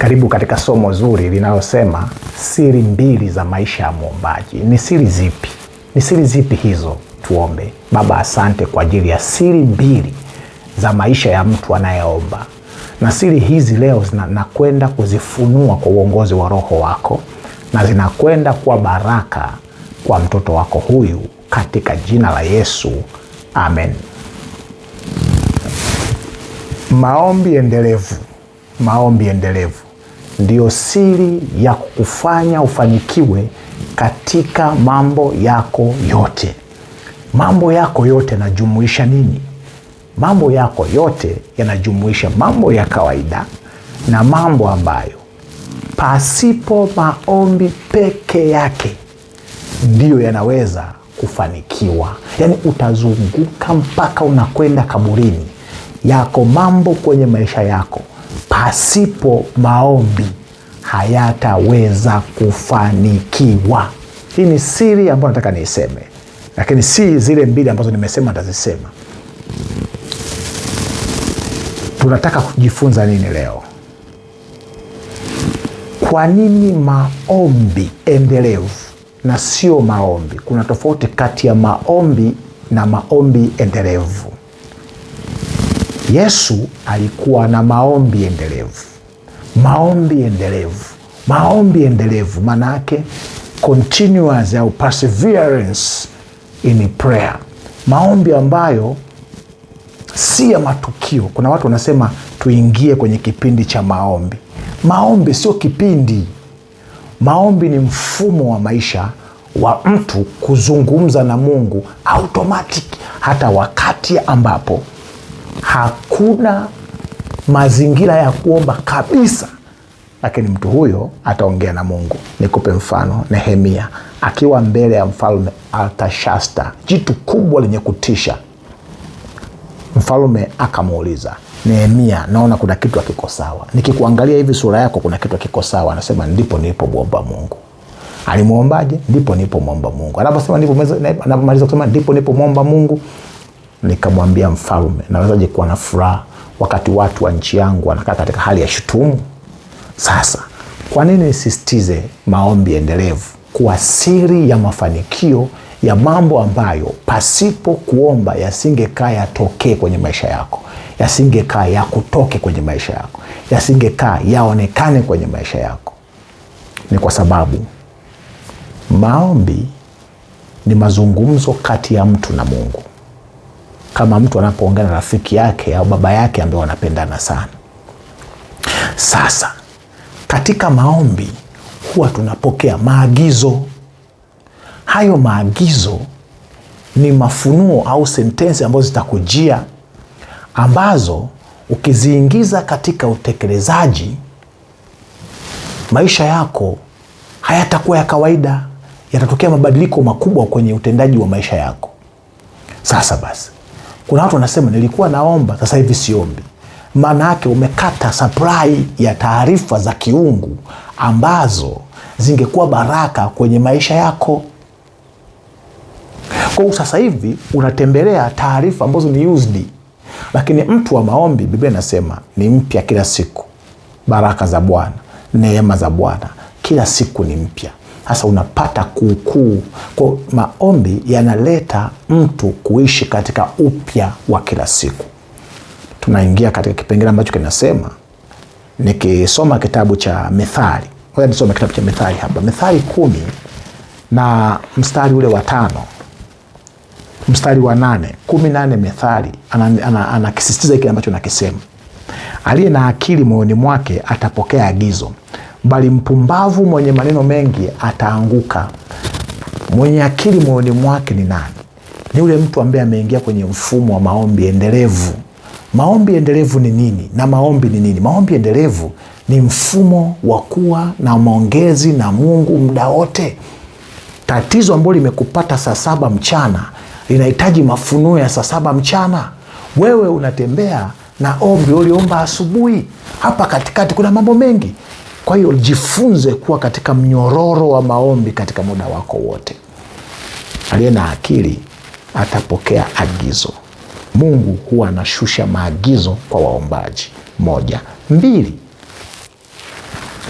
Karibu katika somo zuri linalosema siri mbili za maisha ya mwombaji. Ni siri zipi? Ni siri zipi hizo? Tuombe. Baba, asante kwa ajili ya siri mbili za maisha ya mtu anayeomba, na siri hizi leo zinakwenda kuzifunua kwa uongozi wa Roho wako na zinakwenda kuwa baraka kwa mtoto wako huyu, katika jina la Yesu, amen. Maombi endelevu. Maombi endelevu ndiyo siri ya kufanya ufanikiwe katika mambo yako yote. Mambo yako yote yanajumuisha nini? Mambo yako yote yanajumuisha mambo ya kawaida na mambo ambayo pasipo maombi peke yake ndiyo yanaweza kufanikiwa. Yaani utazunguka mpaka unakwenda kaburini. Yako mambo kwenye maisha yako pasipo maombi hayataweza kufanikiwa. Hii ni siri ambayo nataka niiseme, lakini si zile mbili ambazo nimesema ntazisema. Tunataka kujifunza nini leo? Kwa nini maombi endelevu na sio maombi? Kuna tofauti kati ya maombi na maombi endelevu. Yesu alikuwa na maombi endelevu, maombi endelevu, maombi endelevu, maana yake continuous au perseverance in prayer, maombi ambayo si ya matukio. Kuna watu wanasema tuingie kwenye kipindi cha maombi. Maombi sio kipindi, maombi ni mfumo wa maisha wa mtu kuzungumza na Mungu automatic, hata wakati ambapo hakuna mazingira ya kuomba kabisa, lakini mtu huyo ataongea na Mungu. Nikupe mfano, Nehemia akiwa mbele ya mfalme Artashasta, jitu kubwa lenye kutisha. Mfalme akamuuliza Nehemia, naona kuna kitu hakiko sawa, nikikuangalia hivi sura yako, kuna kitu hakiko sawa. Anasema ndipo nilipomwomba Mungu. Alimwombaje? Ndipo nilipomwomba Mungu. Anaposema ndipo, anapomaliza kusema ndipo nilipomwomba Mungu, nikamwambia mfalme, nawezaje kuwa na furaha wakati watu wa nchi yangu wanakaa katika hali ya shutumu? Sasa kwa nini nisisitize maombi endelevu kuwa siri ya mafanikio ya mambo ambayo pasipo kuomba yasingekaa yatokee kwenye maisha yako, yasingekaa yakutoke kwenye maisha yako, yasingekaa yaonekane kwenye maisha yako? Ni kwa sababu maombi ni mazungumzo kati ya mtu na Mungu kama mtu anapoongea na rafiki yake au baba yake ambaye wanapendana sana. Sasa katika maombi huwa tunapokea maagizo. Hayo maagizo ni mafunuo au sentensi ambazo zitakujia, ambazo ukiziingiza katika utekelezaji, maisha yako hayatakuwa ya kawaida, yatatokea mabadiliko makubwa kwenye utendaji wa maisha yako. Sasa basi kuna watu wanasema nilikuwa naomba, sasa hivi siombi. Maana yake umekata supply ya taarifa za kiungu ambazo zingekuwa baraka kwenye maisha yako. Kwa sasa hivi unatembelea taarifa ambazo ni usd lakini mtu wa maombi, Biblia inasema ni mpya kila siku, baraka za Bwana, neema za Bwana kila siku ni mpya. Sasa unapata kuukuu. Kwa maombi yanaleta mtu kuishi katika upya wa kila siku. Tunaingia katika kipengele ambacho kinasema, nikisoma kitabu cha Methali, ngoja nisome kitabu cha Methali hapa, Methali kumi na mstari ule wa tano mstari wa nane kumi nane Methali anakisisitiza ana, ana, kile ambacho nakisema, aliye na akili moyoni mwake atapokea agizo bali mpumbavu mwenye maneno mengi ataanguka. Mwenye akili moyoni mwake ni nani? Ni yule mtu ambaye ameingia kwenye mfumo wa maombi endelevu. Maombi endelevu ni nini? Na maombi ni nini? Maombi endelevu ni mfumo wa kuwa na maongezi na Mungu muda wote. Tatizo ambalo limekupata saa saba mchana linahitaji mafunuo ya saa saba mchana. Wewe unatembea na ombi uliomba asubuhi. Hapa katikati kuna mambo mengi kwa hiyo jifunze kuwa katika mnyororo wa maombi katika muda wako wote. Aliye na akili atapokea agizo. Mungu huwa anashusha maagizo kwa waombaji. Moja. Mbili,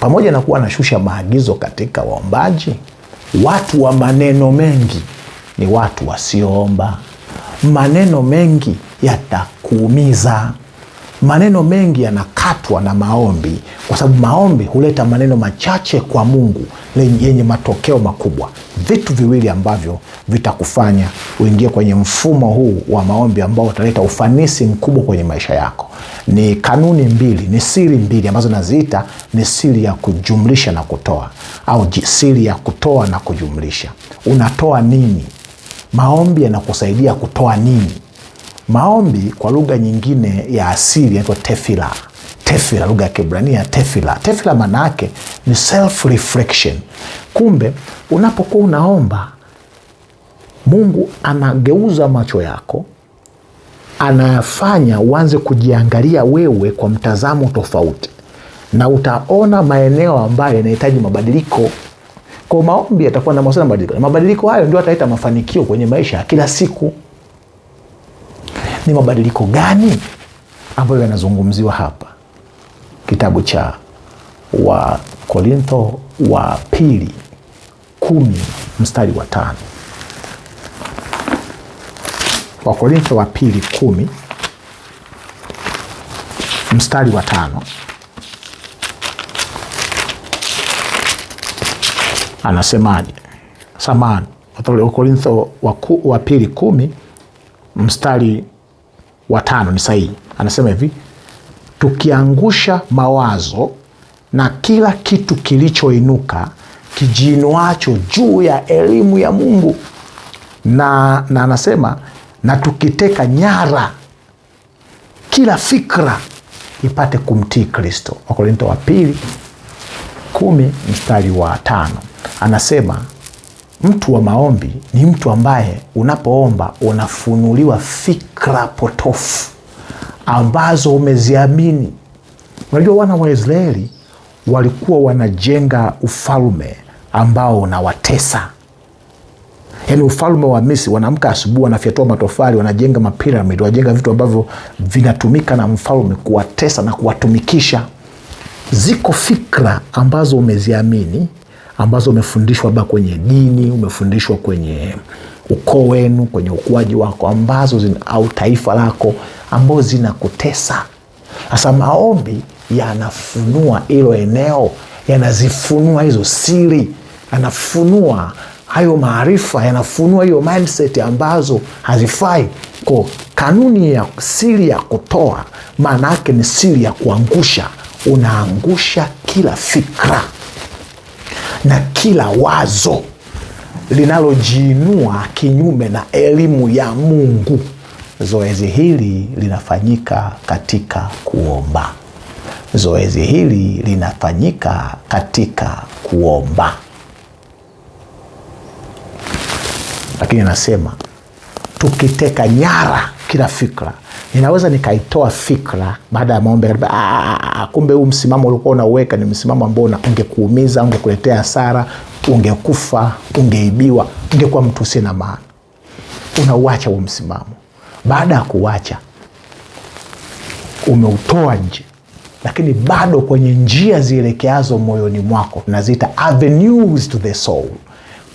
pamoja na kuwa anashusha maagizo katika waombaji, watu wa maneno mengi ni watu wasioomba. Maneno mengi yatakuumiza. Maneno mengi yanakatwa na maombi, kwa sababu maombi huleta maneno machache kwa Mungu yenye matokeo makubwa. Vitu viwili ambavyo vitakufanya uingie kwenye mfumo huu wa maombi ambao utaleta ufanisi mkubwa kwenye maisha yako ni kanuni mbili, ni siri mbili ambazo naziita ni siri ya kujumlisha na kutoa, au siri ya kutoa na kujumlisha. Unatoa nini? Maombi yanakusaidia kutoa nini? Maombi kwa lugha nyingine ya asili inaitwa tefila. Tefila, lugha ya kibrania tefila. Tefila maana yake ni self reflection. Kumbe unapokuwa unaomba, Mungu anageuza macho yako, anayafanya uanze kujiangalia wewe kwa mtazamo tofauti, na utaona maeneo ambayo yanahitaji mabadiliko. Kwa maombi yatakuwa na mabadiliko, na mabadiliko hayo ndio ataleta mafanikio kwenye maisha ya kila siku ni mabadiliko gani ambayo yanazungumziwa hapa? Kitabu cha Wakorintho wa pili kumi mstari wa tano Wakorintho wa pili kumi mstari wa tano anasemaje? Samani, Wakorintho wa pili kumi mstari watano ni sahihi. Anasema hivi, tukiangusha mawazo na kila kitu kilichoinuka kijiinuacho juu ya elimu ya Mungu na, na anasema na tukiteka nyara kila fikra ipate kumtii Kristo. Wakorinto wa pili kumi mstari wa tano anasema Mtu wa maombi ni mtu ambaye unapoomba unafunuliwa fikra potofu ambazo umeziamini. Unajua, wana wa Israeli walikuwa wanajenga ufalme ambao unawatesa yaani ufalme wa Misri. Wanaamka asubuhi, wanafyatua matofali, wanajenga mapiramidi, wanajenga vitu ambavyo vinatumika na mfalme kuwatesa na kuwatumikisha. Ziko fikra ambazo umeziamini ambazo umefundishwa labda kwenye dini, umefundishwa kwenye ukoo wenu, kwenye ukuaji wako, ambazo zina, au taifa lako, ambazo zinakutesa. Sasa maombi yanafunua hilo eneo, yanazifunua hizo siri, yanafunua hayo maarifa, yanafunua hiyo mindset ambazo hazifai. Kwa kanuni ya siri ya kutoa, maana yake ni siri ya kuangusha, unaangusha kila fikra na kila wazo linalojiinua kinyume na elimu ya Mungu. Zoezi hili linafanyika katika kuomba. Zoezi hili linafanyika katika kuomba. Lakini anasema tukiteka nyara kila fikra ninaweza nikaitoa fikra baada ya maombi, ah, ah, ah, kumbe huu msimamo ulikuwa unauweka ni msimamo ambao ungekuumiza, ungekuletea hasara, ungekufa, ungeibiwa, ungekuwa mtu usie na maana. Unauacha huu msimamo. Baada ya kuuacha, umeutoa nje, lakini bado kwenye njia zielekeazo moyoni mwako, naziita avenues to the soul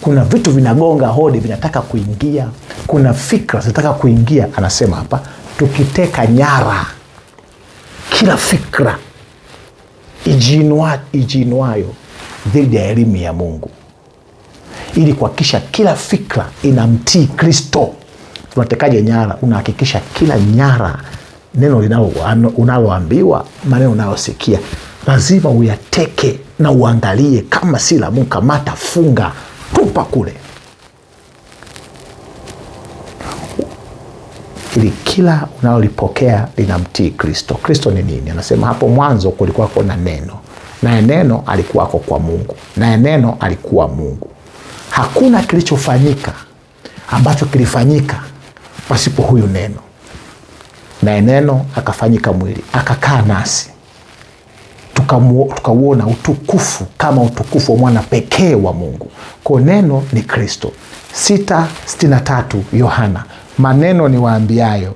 kuna vitu vinagonga hodi, vinataka kuingia. Kuna fikra zinataka kuingia. Anasema hapa tukiteka nyara kila fikra ijiinua, ijiinuayo dhidi ya elimu ya Mungu ili kuhakikisha kila fikra inamtii Kristo. Tunatekaje nyara? Unahakikisha kila nyara, neno unaloambiwa, maneno unayosikia lazima uyateke na uangalie, kama si la Mungu kamata, funga, tupa kule. nafikiri kila unalolipokea linamtii Kristo. Kristo ni nini? Anasema hapo mwanzo kulikuwako na neno, naye neno alikuwako kwa Mungu, naye neno alikuwa Mungu. Hakuna kilichofanyika ambacho kilifanyika pasipo huyu neno, naye neno akafanyika mwili akakaa nasi tukauona utukufu kama utukufu wa mwana pekee wa Mungu. Kwa neno ni Kristo. sita tatu Yohana maneno ni waambiayo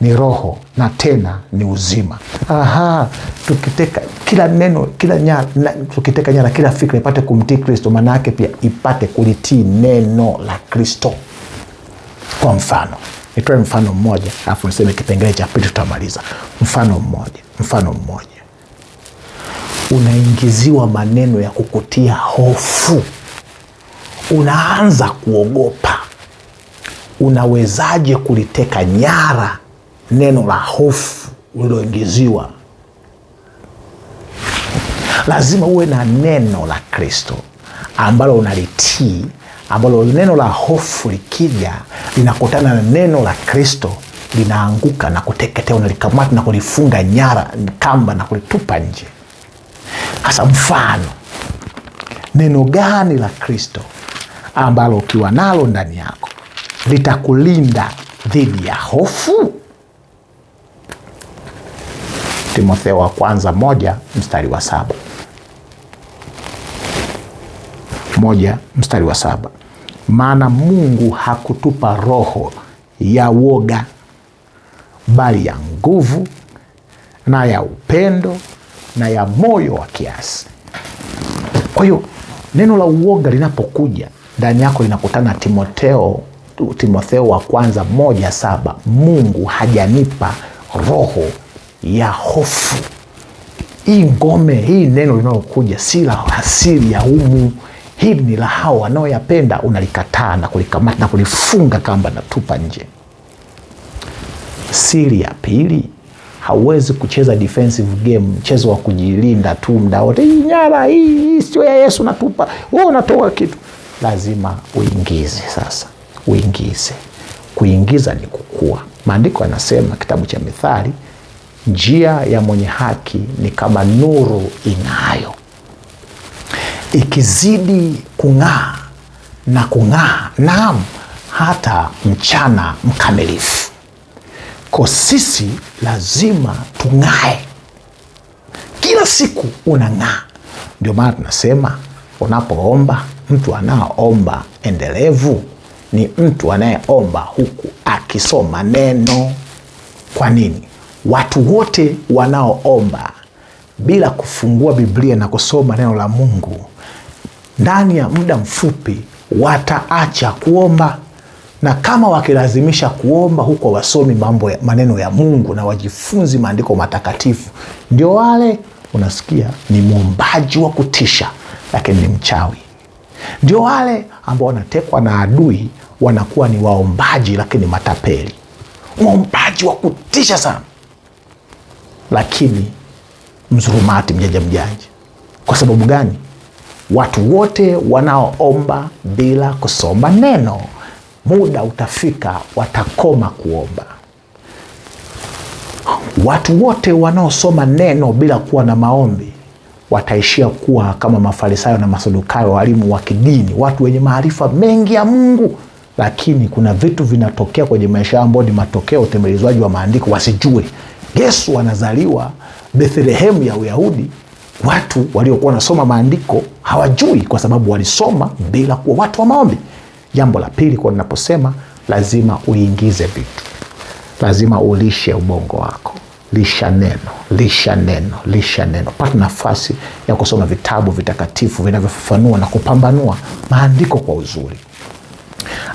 ni roho na tena ni uzima. Aha, tukiteka kila neno kila nyara, na, tukiteka nyara kila fikra ipate kumtii Kristo, maana yake pia ipate kulitii neno la Kristo. Kwa mfano nitoe mfano mmoja alafu niseme kipengele cha pili tutamaliza. Mfano mmoja, mfano mmoja, unaingiziwa maneno ya kukutia hofu, unaanza kuogopa unawezaje kuliteka nyara neno la hofu uliloingiziwa? Lazima uwe na neno la Kristo ambalo unalitii, ambalo neno la hofu likija linakutana na neno la Kristo linaanguka na kuteketea, unalikamata na kulifunga nyara kamba na kulitupa nje. Hasa mfano, neno gani la Kristo ambalo ukiwa nalo ndani yako litakulinda dhidi ya hofu. Timotheo wa kwanza moja mstari wa saba moja mstari wa saba maana Mungu hakutupa roho ya woga, bali ya nguvu na ya upendo na ya moyo wa kiasi. Kwa hiyo neno la uoga linapokuja ndani yako linakutana Timoteo Timotheo wa kwanza moja saba Mungu hajanipa roho ya hofu. Hii ngome, hii neno linalokuja si la asili ya humu, hili ni la hao wanaoyapenda. Unalikataa na kulikamata na kulifunga kamba na tupa nje. Siri ya pili, hauwezi kucheza defensive game, mchezo wa kujilinda tu muda wote. Hii nyara hii sio ya Yesu, natupa wewe, unatoa kitu, lazima uingize sasa uingize. Kuingiza ni kukua. Maandiko yanasema kitabu cha Mithali, njia ya mwenye haki ni kama nuru ing'ayo, ikizidi kung'aa na kung'aa, naam, hata mchana mkamilifu. Kwa sisi lazima tung'ae, kila siku unang'aa. Ndio maana tunasema unapoomba, mtu anaoomba endelevu ni mtu anayeomba huku akisoma neno. Kwa nini? Watu wote wanaoomba bila kufungua Biblia na kusoma neno la Mungu, ndani ya muda mfupi wataacha kuomba, na kama wakilazimisha kuomba huko wasomi mambo ya maneno ya Mungu na wajifunzi maandiko matakatifu, ndio wale unasikia ni mwombaji wa kutisha, lakini ni mchawi. Ndio wale ambao wanatekwa na adui wanakuwa ni waombaji, lakini matapeli, waombaji wa kutisha sana, lakini mzurumati, mjanja mjanja. Kwa sababu gani? Watu wote wanaoomba bila kusoma neno, muda utafika watakoma kuomba. Watu wote wanaosoma neno bila kuwa na maombi wataishia kuwa kama Mafarisayo na Masadukayo, walimu wa kidini, watu wenye maarifa mengi ya Mungu, lakini kuna vitu vinatokea kwenye maisha yao ambao ni matokeo ya utemelezwaji wa maandiko, wasijue. Yesu anazaliwa Bethlehemu ya Uyahudi, watu waliokuwa wanasoma maandiko hawajui, kwa sababu walisoma bila kuwa watu wa maombi. Jambo la pili, kwa ninaposema lazima uingize vitu, lazima ulishe ubongo wako lisha neno, lisha neno, lisha neno. Pata nafasi ya kusoma vitabu vitakatifu vinavyofafanua na kupambanua maandiko kwa uzuri.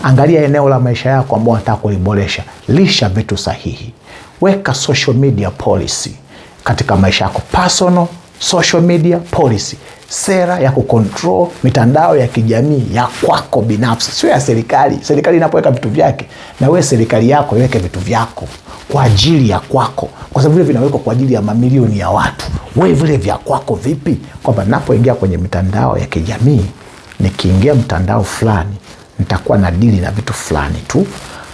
Angalia eneo la maisha yako ambao unataka kuliboresha, lisha vitu sahihi. Weka social media policy katika maisha yako, personal social media policy sera ya kukontrol mitandao ya kijamii ya kwako binafsi, sio ya serikali. Serikali inapoweka vitu vyake, na wewe serikali yako iweke vitu vyako kwa ajili ya kwako, kwa sababu vile vinawekwa kwa ajili ya mamilioni ya watu. Wewe vile vya kwako vipi? Kwamba napoingia kwenye mitandao ya kijamii, nikiingia mtandao fulani nitakuwa na dili na vitu fulani tu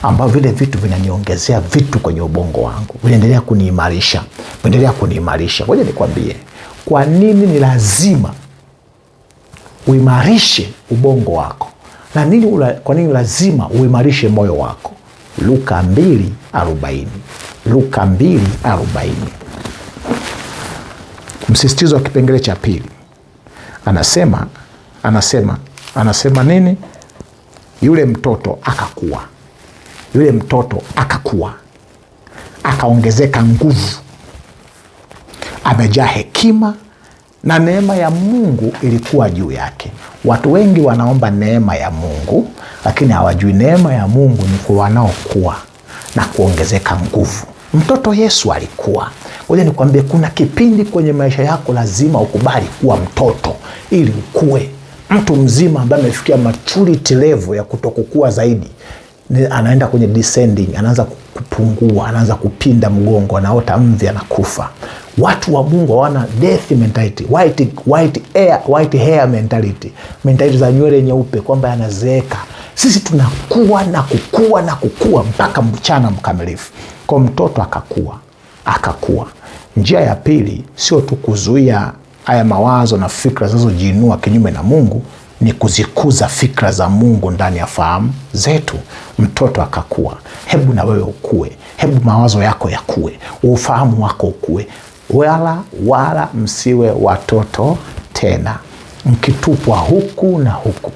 ambao vile vitu vinaniongezea vitu kwenye ubongo wangu, vinaendelea kuniimarisha, vinaendelea kuniimarisha. moja nikwambie kwa nini ni lazima uimarishe ubongo wako. Na nini ula, kwa nini lazima uimarishe moyo wako? Luka 2:40. Luka 2:40. Msisitizo wa kipengele cha pili anasema anasema anasema nini? Yule mtoto akakuwa, yule mtoto akakuwa, akaongezeka nguvu, amejaa hekima na neema ya Mungu ilikuwa juu yake. Watu wengi wanaomba neema ya Mungu, lakini hawajui neema ya Mungu ni kwa wanaokuwa na kuongezeka nguvu. Mtoto Yesu alikuwa. oja nikwambie, kuna kipindi kwenye maisha yako lazima ukubali kuwa mtoto ili ukue. Mtu mzima ambaye amefikia maturity level ya kutokukua zaidi anaenda kwenye descending, anaanza kupungua, anaanza kupinda mgongo, anaota mvi, anakufa. Watu wa Mungu hawana death mentality, white, white hair, white hair mentality, mentality za nywele nyeupe kwamba yanazeeka. Sisi tunakuwa na kukua na kukua mpaka mchana mkamilifu, kwa mtoto akakua akakua. Njia ya pili sio tu kuzuia haya mawazo na fikra zinazojiinua kinyume na Mungu, ni kuzikuza fikra za Mungu ndani ya fahamu zetu, mtoto akakua. Hebu na wewe ukue, hebu mawazo yako yakue, ufahamu wako ukue wala wala msiwe watoto tena, mkitupwa huku na huku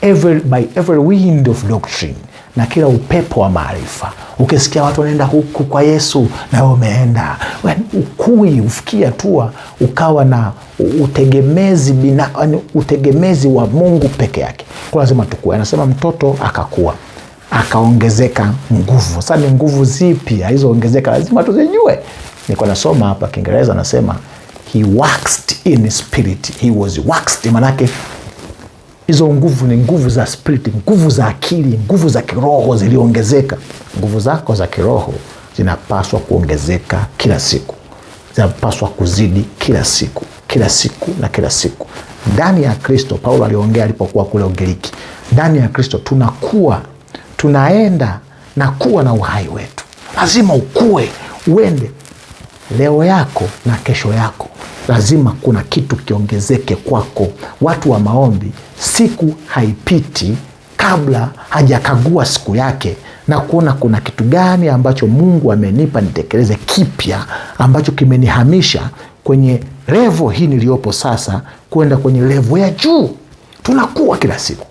every, by every wind of doctrine, na kila upepo wa maarifa. Ukisikia watu wanaenda huku kwa Yesu na umeenda yaani ukui, ufikia hatua ukawa na utegemezi bina, yaani utegemezi wa Mungu peke yake, kwa lazima tukue. Anasema mtoto akakuwa akaongezeka nguvu. Sasa ni nguvu zipi alizoongezeka? Lazima tuzijue. Nilikuwa nasoma hapa Kiingereza anasema he waxed in spirit, he was waxed, manake hizo nguvu ni nguvu za spirit, nguvu za akili, nguvu za kiroho ziliongezeka. Nguvu zako za kiroho zinapaswa kuongezeka kila siku, zinapaswa kuzidi kila siku, kila siku na kila siku. Ndani ya Kristo, Paulo aliongea alipokuwa kule Ugiriki, ndani ya Kristo tunakuwa, tunaenda na kuwa na uhai wetu. Lazima ukue uende leo yako na kesho yako, lazima kuna kitu kiongezeke kwako. Watu wa maombi, siku haipiti kabla hajakagua siku yake na kuona kuna kitu gani ambacho Mungu amenipa nitekeleze kipya ambacho kimenihamisha kwenye revo hii niliyopo sasa kwenda kwenye revo ya juu. Tunakuwa kila siku.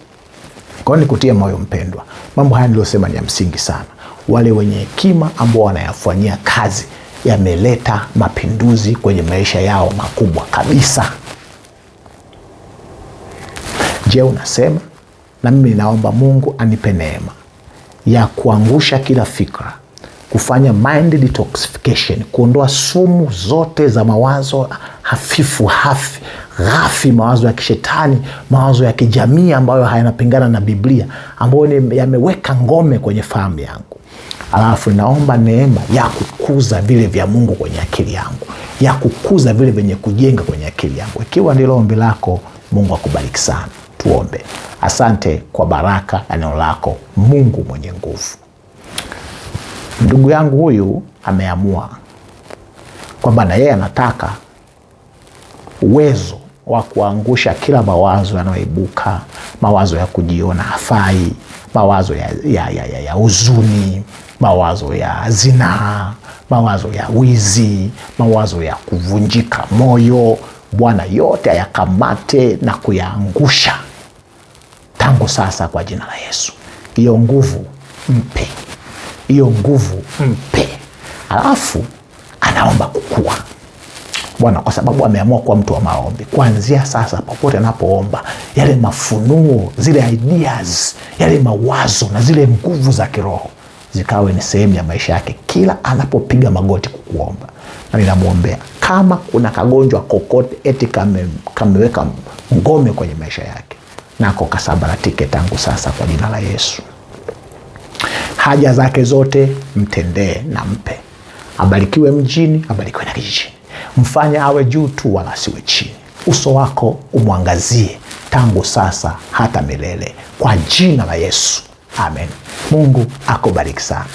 kwao hiyo nikutie moyo mpendwa, mambo haya niliyosema ni ya msingi sana. Wale wenye hekima ambao wanayafanyia kazi yameleta mapinduzi kwenye maisha yao makubwa kabisa. Je, unasema? Na mimi naomba Mungu anipe neema ya kuangusha kila fikra, kufanya mind detoxification, kuondoa sumu zote za mawazo hafifu hafi ghafi, mawazo ya kishetani, mawazo ya kijamii ambayo hayanapingana na Biblia, ambayo yameweka ngome kwenye fahamu yangu alafu naomba neema ya kukuza vile vya Mungu kwenye akili yangu, ya kukuza vile vyenye kujenga kwenye akili yangu. Ikiwa ndilo ombi lako, Mungu akubariki sana. Tuombe. Asante kwa baraka eneo neno lako, Mungu mwenye nguvu. Ndugu yangu huyu ameamua kwamba na yeye anataka uwezo wa kuangusha kila mawazo yanayoibuka, mawazo ya kujiona hafai, mawazo ya, ya, ya, ya, ya huzuni, mawazo ya zinaa, mawazo ya wizi, mawazo ya kuvunjika moyo. Bwana yote ayakamate na kuyaangusha tangu sasa kwa jina la Yesu. Hiyo nguvu mpe, hiyo nguvu mpe, alafu anaomba kukua. Bwana, kwa sababu ameamua kuwa mtu wa maombi. Kuanzia sasa, popote anapoomba, yale mafunuo, zile ideas, yale mawazo na zile nguvu za kiroho zikawe ni sehemu ya maisha yake kila anapopiga magoti kukuomba. Na ninamwombea kama kuna kagonjwa kokote eti kame, kameweka ngome kwenye maisha yake, nako kasabaratike tangu sasa kwa jina la Yesu. Haja zake zote mtendee na mpe, abarikiwe mjini, abarikiwe na kijijini mfanye awe juu tu wala siwe chini. Uso wako umwangazie tangu sasa hata milele, kwa jina la Yesu, amen. Mungu akubariki sana.